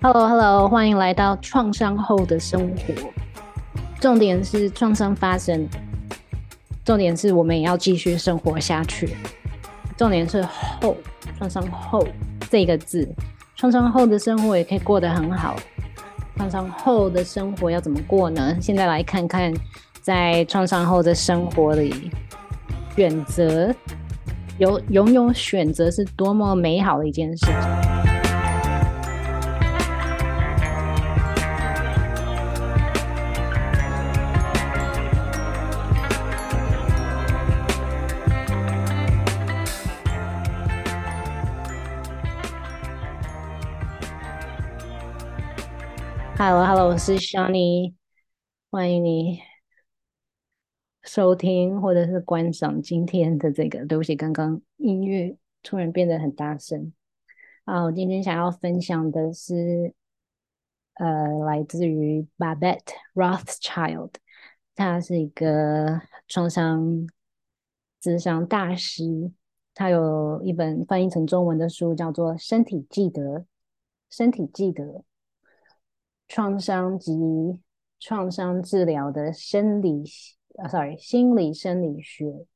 Hello，Hello，hello, 歡迎來到創傷後的生活。重點是創傷發生，重點是我們也要繼續生活下去。重點是後創傷後這個字，創傷後的生活也可以過得很好。創傷後的生活要怎麼過呢？現在來看看，在創傷後的生活裡，選擇有擁有選擇是多麼美好的一件事情。Hello，Hello，hello, 我是 Shani。歡迎你收聽或者是觀賞今天的這個。對不起，剛剛音樂突然變得很大聲。啊，我今天想要分享的是，呃，來自於 Babette Rothschild，她是一個創傷、智商大師。她有一本翻譯成中文的書，叫做《身體記得》，《身體記得》。創傷及創傷治療的生理啊，sorry，心理生理學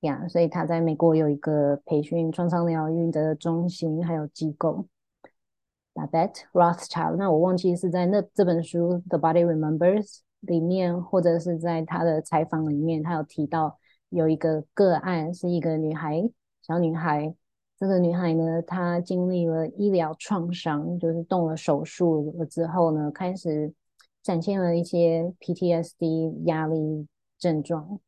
呀，yeah, 所以他在美國有一個培訓創傷療癒的中心還有機構 Babette Rothschild。Rothschild, 那我忘記是在那這本書《The Body Remembers》裡面，或者是在他的採訪裡面，他有提到有一個個案是一個女孩，小女孩。這個女孩呢，她經歷了醫療創傷，就是動了手術了之後呢，開始展現了一些 PTSD 壓力症狀，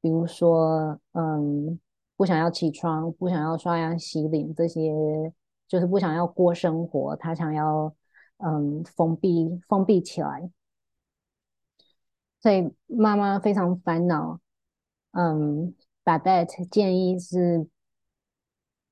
比如說，嗯，不想要起床，不想要刷牙洗臉，這些就是不想要過生活，她想要，嗯，封閉，封閉起來。所以媽媽非常煩惱，嗯，Babette 建議是。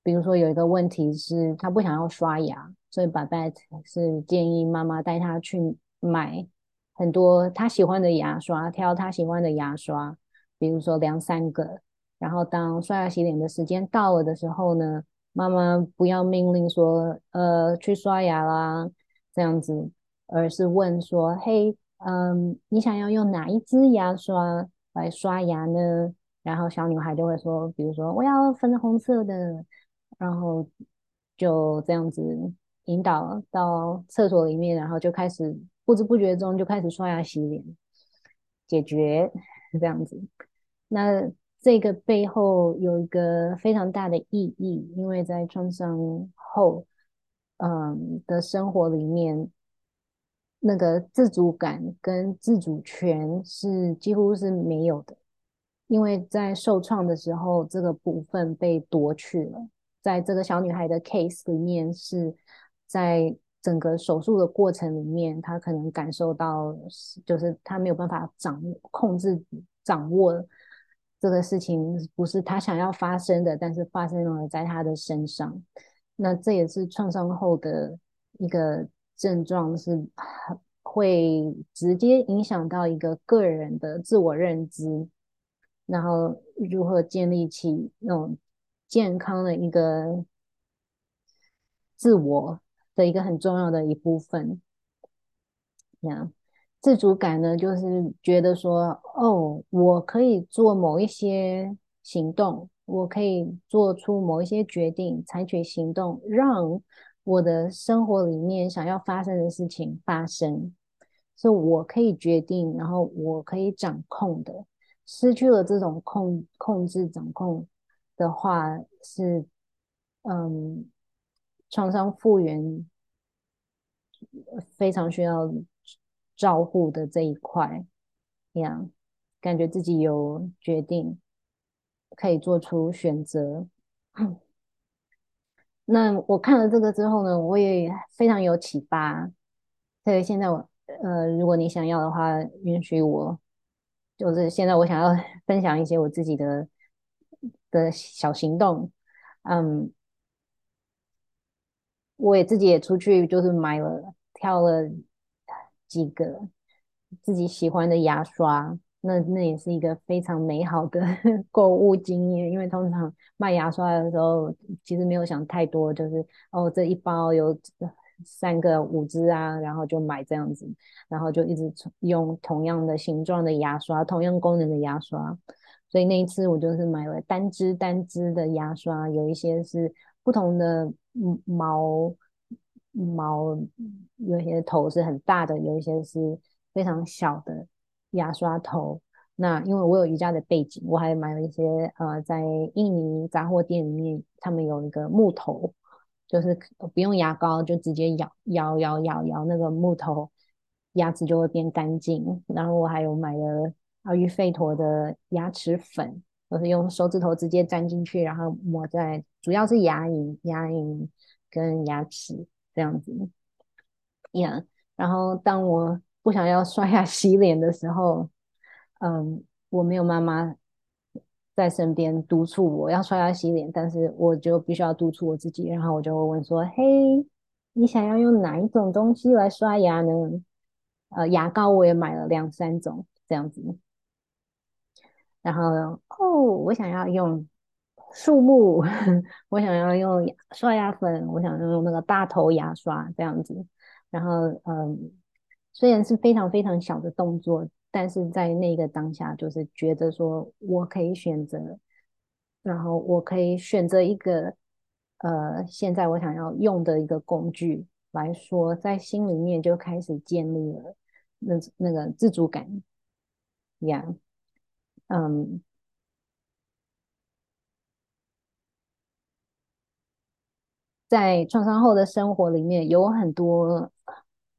比如說有一個問題是，他不想要刷牙，所以爸爸是建議媽媽帶他去買很多他喜歡的牙刷，挑他喜歡的牙刷，比如說兩三個。然後當刷牙洗臉的時間到了的時候呢，媽媽不要命令說“呃，去刷牙啦”這樣子，而是問說：“嘿，嗯，你想要用哪一支牙刷來刷牙呢？”然後小女孩就會說：“比如說，我要粉紅色的。”然後就這樣子引導到廁所裡面，然後就開始不知不覺中就開始刷牙、洗臉，解決，這樣子。那這個背後有一個非常大的意義，因為在創傷後，嗯，的生活裡面，那個自主感跟自主權是幾乎是沒有的，因為在受創的時候，這個部分被奪去了。在這個小女孩的 case 裡面，是在整個手術的過程裡面，她可能感受到，就是她沒有辦法掌控，控制、掌握這個事情，不是她想要發生的，但是發生了在她的身上。那這也是創傷後的一個症狀，是會直接影響到一個個人的自我認知，然後如何建立起那種。健康的一個自我的一個很重要的一部分，呀，yeah，自主感呢，就是覺得說，哦，我可以做某一些行動，我可以做出某一些決定，採取行動，讓我的生活裡面想要發生的事情發生，是我可以決定，然後我可以掌控的。失去了這種控控制、掌控。的話是，嗯，創傷復原非常需要照護的這一塊，這樣，感覺自己有決定，可以做出選擇。那我看了這個之後呢，我也非常有啟發。所以現在我，呃，如果你想要的話，允許我，就是現在我想要分享一些我自己的。的小行動，嗯，我也自己也出去，就是買了挑了幾個自己喜歡的牙刷，那那也是一個非常美好的購物經驗。因為通常買牙刷的時候，其實沒有想太多，就是哦，這一包有三個五支啊，然後就買這樣子，然後就一直用同樣的形狀的牙刷，同樣功能的牙刷。所以那一次我就是買了單支單支的牙刷，有一些是不同的毛毛，有一些頭是很大的，有一些是非常小的牙刷頭。那因為我有瑜伽的背景，我還買了一些呃，在印尼雜貨店裡面，他們有一個木頭，就是不用牙膏就直接咬咬咬咬咬，咬那個木頭，牙齒就會變乾淨。然後我還有買了。阿育吠陀的牙齒粉，我、就是用手指頭直接粘進去，然後抹在主要是牙齦、牙齦跟牙齒這樣子。y、yeah, 然後當我不想要刷牙洗臉的時候，嗯，我沒有媽媽在身邊督促我要刷牙洗臉，但是我就必須要督促我自己，然後我就會問說：“嘿，你想要用哪一種東西來刷牙呢？”呃，牙膏我也買了兩三種這樣子。然後哦，我想要用樹木，我想要用刷牙粉，我想用那個大頭牙刷這樣子。然後嗯，雖然是非常非常小的動作，但是在那個當下，就是覺得說我可以選擇，然後我可以選擇一個呃，現在我想要用的一個工具來說，在心裡面就開始建立了那那個自主感呀。嗯，在創傷後的生活裡面，有很多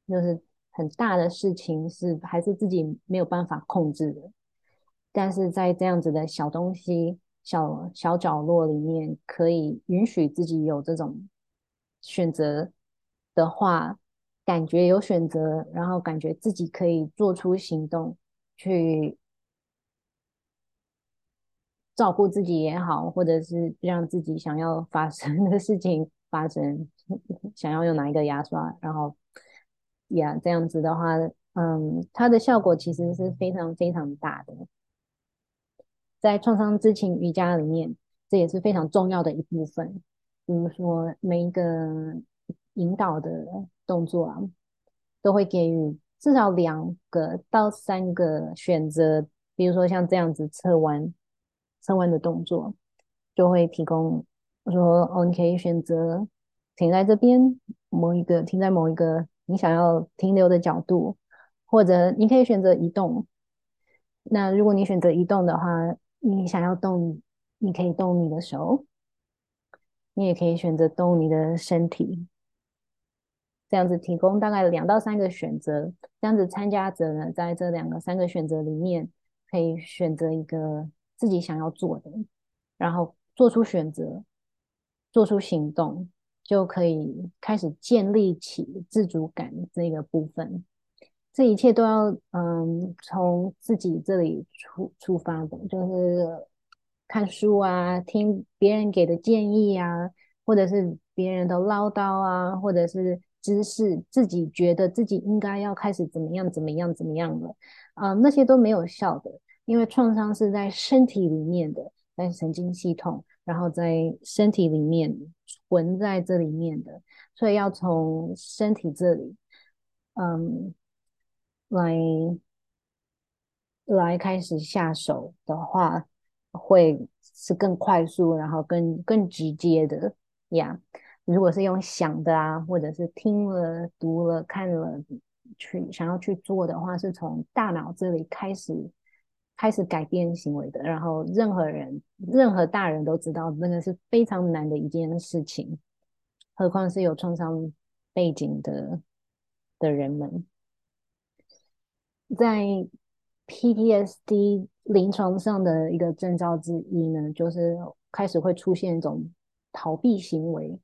就是很大的事情是還是自己沒有辦法控制的。但是在這樣子的小東西、小小角落裡面，可以允許自己有這種選擇的話，感覺有選擇，然後感覺自己可以做出行動去。照顧自己也好，或者是讓自己想要發生的事情發生，想要用哪一個牙刷，然後呀，yeah, 這樣子的話，嗯，它的效果其實是非常非常大的。在創傷知情瑜伽裡面，這也是非常重要的一部分。比如說每一個引導的動作啊，都會給予至少兩個到三個選擇，比如說像這樣子側彎。側彎的動作就會提供說，說哦，你可以選擇停在這邊，某一個停在某一個你想要停留的角度，或者你可以選擇移動。那如果你選擇移動的話，你想要動，你可以動你的手，你也可以選擇動你的身體。這樣子提供大概兩到三個選擇，這樣子參加者呢，在這兩個三個選擇裡面可以選擇一個。自己想要做的，然後做出選擇，做出行動，就可以開始建立起自主感這個部分。這一切都要嗯從自己這裡出出發的，就是看書啊，聽別人給的建議啊，或者是別人的嘮叨啊，或者是知識，自己覺得自己應該要開始怎麼樣怎麼樣怎麼樣的，啊、嗯，那些都沒有效的。因為創傷是在身體裡面的，在神經系統，然後在身體裡面存在這裡面的，所以要從身體這裡，嗯，來來開始下手的話，會是更快速，然後更更直接的呀。Yeah. 如果是用想的啊，或者是聽了、讀了、看了去想要去做的話，是從大腦這裡開始。開始改變行為的，然後任何人，任何大人都知道，那個是非常難的一件事情，何況是有創傷背景的的人們。在 PTSD 臨床上的一個徵兆之一呢，就是開始會出現一種逃避行為，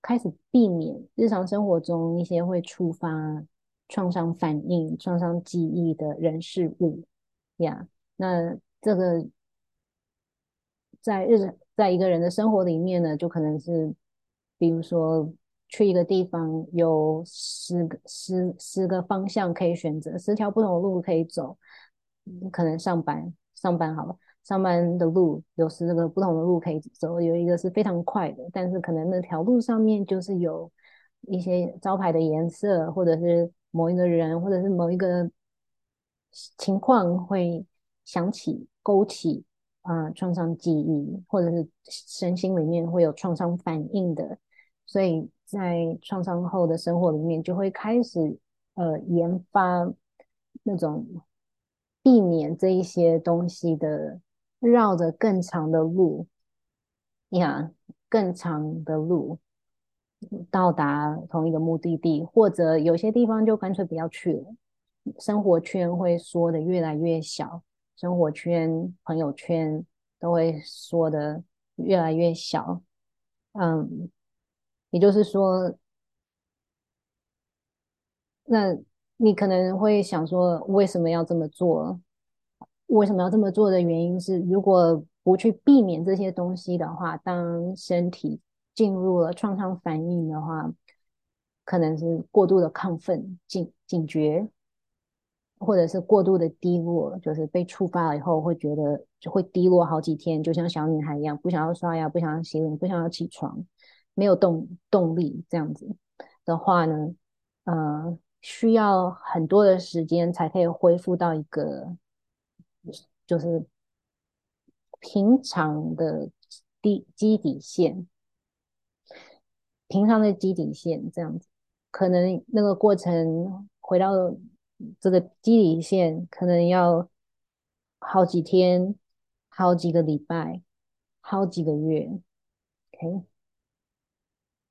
開始避免日常生活中一些會觸發創傷反應、創傷記憶的人事物，呀。Yeah. 那這個在日，在一個人的生活裡面呢，就可能是，比如說去一個地方，有十個十十個方向可以選擇，十條不同的路可以走。嗯，可能上班上班好了，上班的路有十個不同的路可以走，有一個是非常快的，但是可能那條路上面就是有一些招牌的顏色，或者是某一個人，或者是某一個情況會。想起勾起啊創傷記憶，或者是身心裡面會有創傷反應的，所以在創傷後的生活裡面，就會開始呃研發那種避免這一些東西的，繞着更長的路呀，yeah, 更長的路到達同一個目的地，或者有些地方就乾脆不要去了，生活圈會縮得越來越小。生活圈、朋友圈都會縮得越來越小，嗯，也就是說，那你可能會想說，為什麼要這麼做？為什麼要這麼做的原因是，如果不去避免這些東西的話，當身體進入了創傷反應的話，可能是過度的亢奮、警警覺。或者是過度的低落，就是被觸發了以後，會覺得就會低落好幾天，就像小女孩一樣，不想要刷牙，不想要洗臉，不想要起床，沒有動動力。這樣子的話呢，呃，需要很多的時間才可以恢復到一個就是平常的低基底線，平常的基底線。這樣子，可能那個過程回到。這個基底線，可能要好幾天、好幾個禮拜、好幾個月，OK？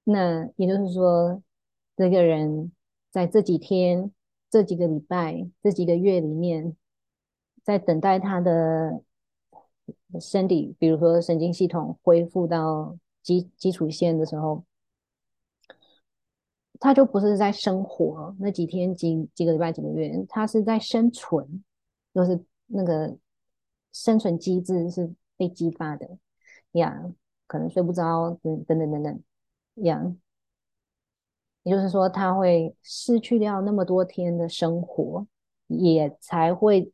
那也就是說，這個人在這幾天、這幾個禮拜、這幾個月裡面，在等待他的身體，比如說神經系統恢復到基基礎線的時候。他就不是在生活，那幾天，幾，幾個禮拜，幾個月，他是在生存，就是那個生存機制是被激發的，呀，可能睡不着，等、嗯、等等等等，呀，也就是說他會失去掉那麼多天的生活，也才會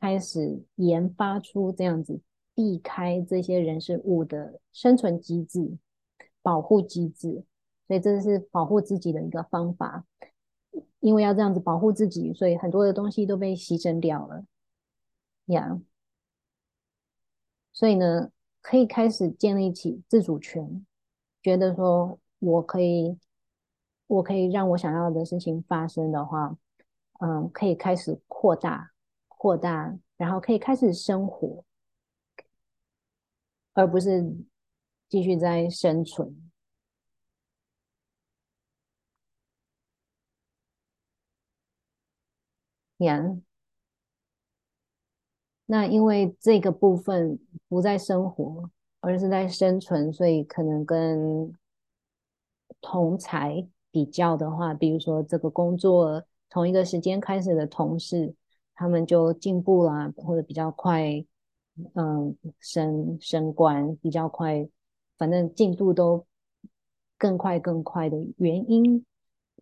開始研發出這樣子避開這些人事物的生存機制、保護機制。所以，這是保護自己的一個方法。因為要這樣子保護自己，所以很多的東西都被犧牲掉了，呀、yeah。所以呢，可以開始建立起自主權，覺得說我可以，我可以讓我想要的事情發生的話，嗯，可以開始擴大、擴大，然後可以開始生活，而不是繼續在生存。嗯，yeah. 那因為這個部分不在生活，而是在生存，所以可能跟同儕，比較的話，比如說這個工作，同一個時間開始的同事，他們就進步啦，或者比較快，嗯，升升官比較快，反正進度都更快更快的原因，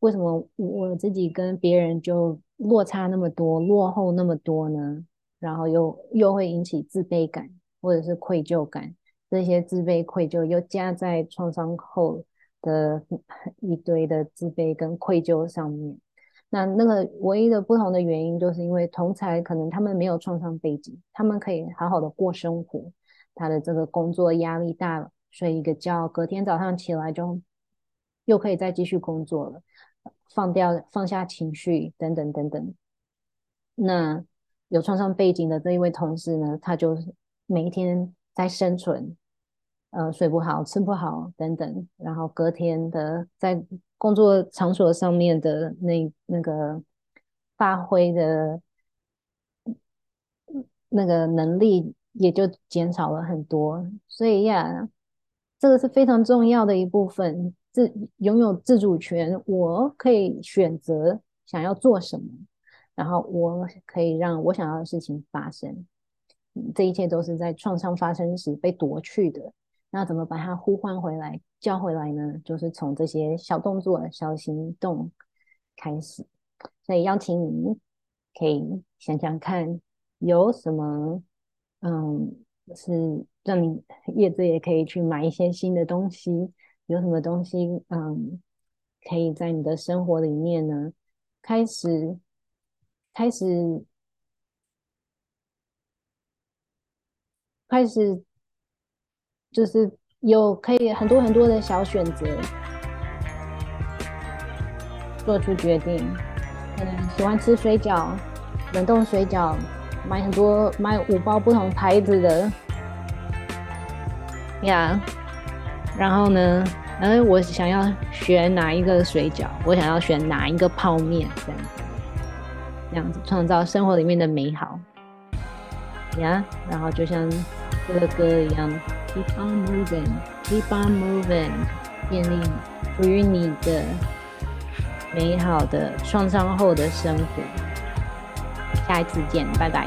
為什麼我自己跟別人就落差那麼多，落後那麼多呢？然後又又會引起自卑感，或者是愧疚感，這些自卑愧疚又加在創傷後的一堆的自卑跟愧疚上面。那那個唯一的不同的原因，就是因為同儕可能他們沒有創傷背景，他們可以好好的過生活。他的這個工作壓力大了，睡一個覺，隔天早上起來就又可以再繼續工作了。放掉、放下情緒等等等等。那有創傷背景的這一位同事呢，他就是每一天在生存，呃，睡不好、吃不好等等，然後隔天的在工作場所上面的那那個發揮的，那個能力也就減少了很多。所以呀，這個是非常重要的一部分。自擁有自主權，我可以選擇想要做什麼，然後我可以讓我想要的事情發生。嗯、這一切都是在創傷發生時被奪去的。那怎麼把它呼喚回來、叫回來呢？就是從這些小動作、小行動開始。所以邀請你，可以想想看，有什麼嗯，是讓你葉子也可以去買一些新的東西。有什麼東西，嗯，可以在你的生活裡面呢，開始，開始，開始，就是有可以很多很多的小選擇，做出決定。可能，嗯，喜歡吃水餃，冷凍水餃，買很多，買五包不同牌子的呀。Yeah. 然後呢，呃，我想要選哪一個水餃？我想要選哪一個泡面？這樣，這樣子創造生活裡面的美好，呀，yeah。然後就像這個歌一樣，Keep on movin'，Keep on movin'，建立屬於你的美好的創傷後的生活。下一次見，拜拜。